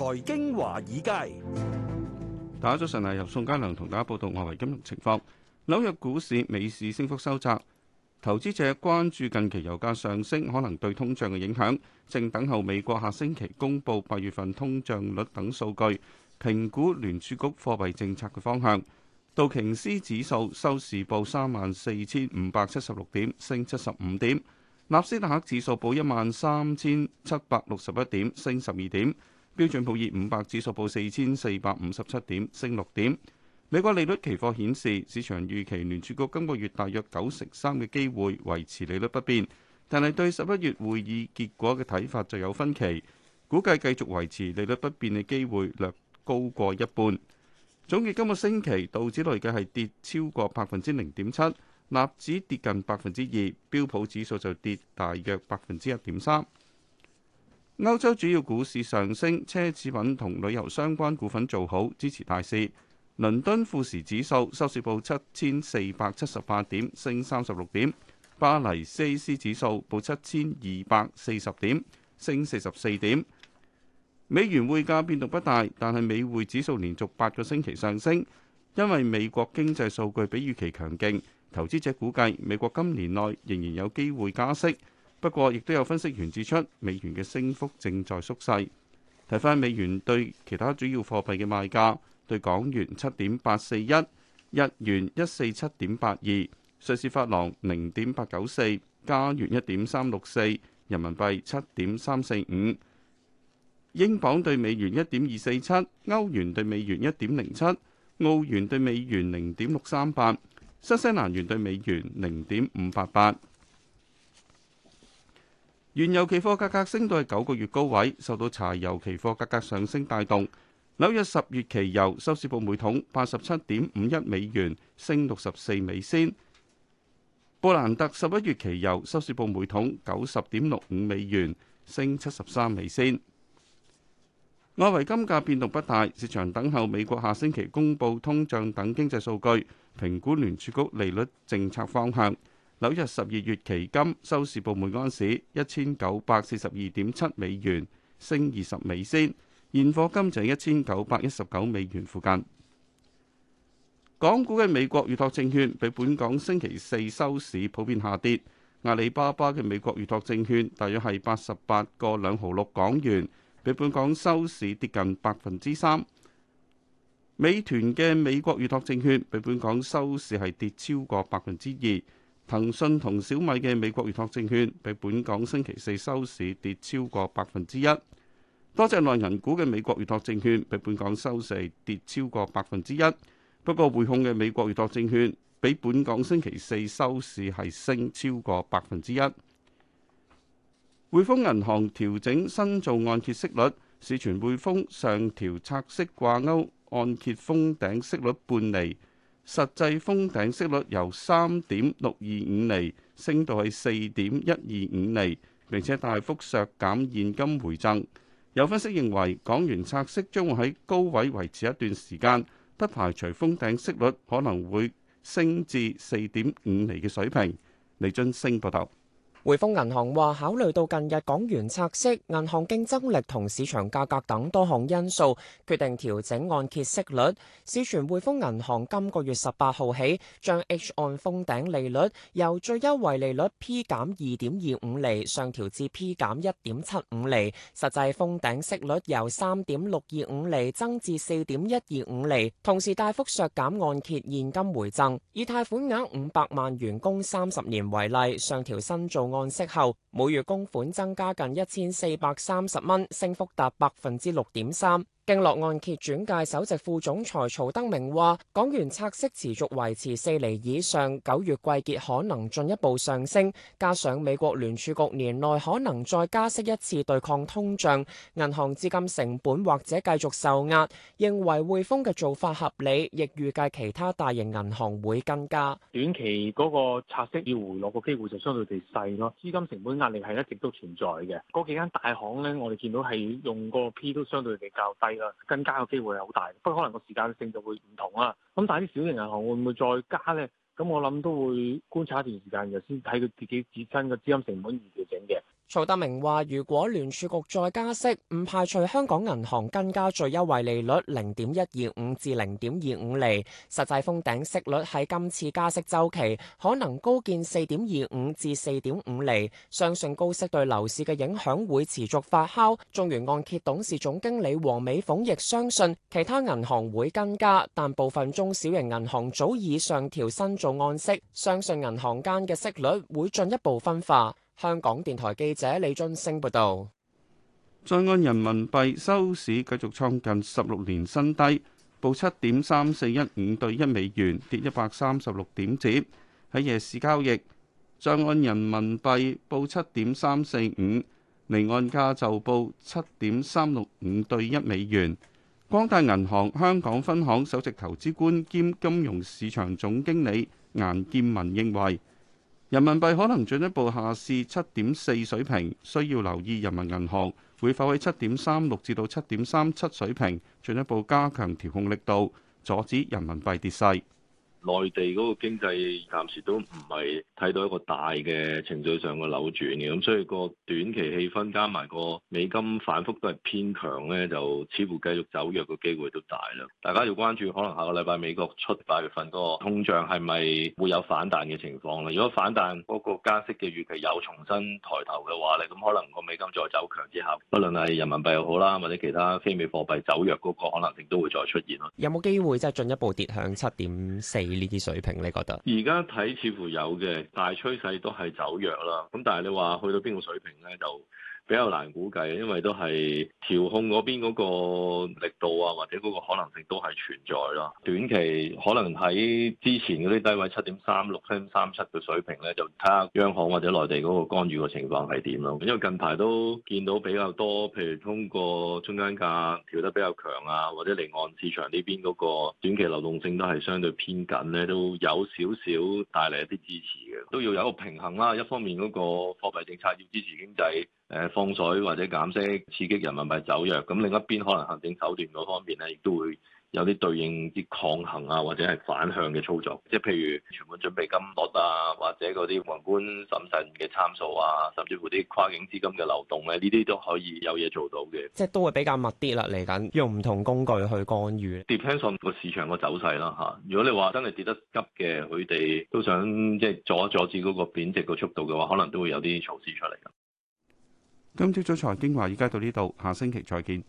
財經華爾街，大家早晨，係，由宋家良同大家報道外圍金融情況。紐約股市、美市升幅收窄，投資者關注近期油價上升可能對通脹嘅影響，正等候美國下星期公布八月份通脹率等數據，評估聯儲局貨幣政策嘅方向。道瓊斯指數收市報三萬四千五百七十六點，升七十五點；納斯達克指數報一萬三千七百六十一點，升十二點。標準普爾五百指數報四千四百五十七點，升六點。美國利率期貨顯示，市場預期聯儲局今個月大約九成三嘅機會維持利率不變，但係對十一月會議結果嘅睇法就有分歧。估計繼續維持利率不變嘅機會略高過一半。總結今個星期，道指累計係跌超過百分之零點七，納指跌近百分之二，標普指數就跌大約百分之一點三。歐洲主要股市上升，奢侈品同旅遊相關股份做好支持大市。倫敦富時指數收市報七千四百七十八點，升三十六點；巴黎 CAC 指數報七千二百四十點，升四十四點。美元匯價變動不大，但係美匯指數連續八個星期上升，因為美國經濟數據比預期強勁。投資者估計美國今年內仍然有機會加息。不過，亦都有分析員指出，美元嘅升幅正在縮細。睇返美元對其他主要貨幣嘅賣價，對港元七點八四一，日元一四七點八二，瑞士法郎零點八九四，加元一點三六四，人民幣七點三四五，英鎊對美元一點二四七，歐元對美元一點零七，澳元對美元零點六三八，新西蘭元對美元零點五八八。原油期貨價格升到九個月高位，受到柴油期貨價格上升帶動。紐約十月期油收市報每桶八十七點五一美元，升六十四美仙。布蘭特十一月期油收市報每桶九十點六五美元，升七十三美仙。外圍金價變動不大，市場等候美國下星期公布通脹等經濟數據，評估聯儲局利率政策方向。紐約十二月期金收市報每安士一千九百四十二點七美元，升二十美仙。現貨金就係一千九百一十九美元附近。港股嘅美國預託證券比本港星期四收市普遍下跌。阿里巴巴嘅美國預託證券大約係八十八個兩毫六港元，比本港收市跌近百分之三。美團嘅美國預託證券比本港收市係跌超過百分之二。騰訊同小米嘅美國預託證券，比本港星期四收市跌超過百分之一。多隻內銀股嘅美國預託證券，比本港收市跌超過百分之一。不過匯控嘅美國預託證券，比本港星期四收市係升超過百分之一。匯豐銀行調整新造按揭息率，市傳匯豐上調拆息掛鈎按揭封頂息率半厘。實際封頂息率由三點六二五釐升到係四點一二五釐，並且大幅削減現金回贈。有分析認為，港元拆息將會喺高位維持一段時間，不排除封頂息率可能會升至四點五釐嘅水平。李俊升報道。匯豐銀行話，考慮到近日港元拆息、銀行競爭力同市場價格等多項因素，決定調整按揭息率。市傳匯豐銀行今個月十八號起，將 H 按封頂利率由最優惠利率 P 減二點二五釐上調至 P 減一點七五釐，實際封頂息率由三點六二五釐增至四點一二五釐，同時大幅削減按揭現金回贈。以貸款額五百萬元供三十年為例，上調新造。按息後，每月供款增加近一千四百三十蚊，升幅達百分之六點三。正絡按揭轉介首席副總裁曹德明話：港元拆息持續維持四厘以上，九月季結可能進一步上升。加上美國聯儲局年內可能再加息一次對抗通脹，銀行資金成本或者繼續受壓。認為滙豐嘅做法合理，亦預計其他大型銀行會更加，短期嗰個拆息要回落個機會就相對地細咯。資金成本壓力係一直都存在嘅。嗰幾間大行咧，我哋見到係用個 P 都相對比較低。更加嘅機會係好大，不過可能個時間性就會唔同啦。咁但係啲小型銀行會唔會再加呢？咁我諗都會觀察一段時間，就先睇佢自己自身嘅資金成本而調整嘅。曹德明話：如果聯儲局再加息，唔排除香港銀行更加最優惠利率零點一二五至零點二五厘，實際封頂息率喺今次加息周期可能高見四點二五至四點五厘。相信高息對樓市嘅影響會持續發酵。中原按揭董事總經理黃美鳳亦相信，其他銀行會增加，但部分中小型銀行早已上調新做按息，相信銀行間嘅息率會進一步分化。香港電台記者李俊陞報道：在岸人民幣收市繼續創近十六年新低，報七點三四一五兌一美元，跌一百三十六點折。喺夜市交易，在岸人民幣報七點三四五，離岸價就報七點三六五兌一美元。光大銀行香港分行首席投資官兼金融市場總經理顏劍文認為。人民幣可能進一步下試七點四水平，需要留意人民銀行會否喺七點三六至到七點三七水平進一步加強調控力度，阻止人民幣跌勢。內地嗰個經濟暫時都唔係睇到一個大嘅程序上嘅扭轉嘅，咁所以個短期氣氛加埋個美金反覆都係偏強咧，就似乎繼續走弱嘅機會都大啦。大家要關注可能下個禮拜美國出八月份嗰個通脹係咪會有反彈嘅情況咧？如果反彈嗰個加息嘅預期又重新抬頭嘅話咧，咁可能個美金再走強之後，不論係人民幣又好啦，或者其他非美貨幣走弱嗰個可能性都會再出現咯。有冇機會即係進一步跌向七點四？呢啲水平，你覺得而家睇似乎有嘅大趨勢都係走弱啦。咁但係你話去到邊個水平咧就？比較難估計，因為都係調控嗰邊嗰個力度啊，或者嗰個可能性都係存在咯。短期可能喺之前嗰啲低位七點三六、七點三七嘅水平咧，就睇下央行或者內地嗰個干預嘅情況係點咯。因為近排都見到比較多，譬如通過中間價調得比較強啊，或者離岸市場呢邊嗰個短期流動性都係相對偏緊咧，都有少少帶嚟一啲支持。都要有個平衡啦，一方面嗰個貨幣政策要支持經濟，誒放水或者減息刺激人民幣走弱，咁另一邊，可能行政手段嗰方面咧，亦都會。有啲對應啲抗衡啊，或者係反向嘅操作，即係譬如存款準備金率啊，或者嗰啲宏觀審慎嘅參數啊，甚至乎啲跨境資金嘅流動咧、啊，呢啲都可以有嘢做到嘅。即係都會比較密啲啦，嚟緊用唔同工具去干預。Depends on 個市場個走勢啦，嚇。如果你話真係跌得急嘅，佢哋都想即係阻一阻止嗰個貶值個速度嘅話，可能都會有啲措施出嚟。今朝早財經華爾街到呢度，下星期再見。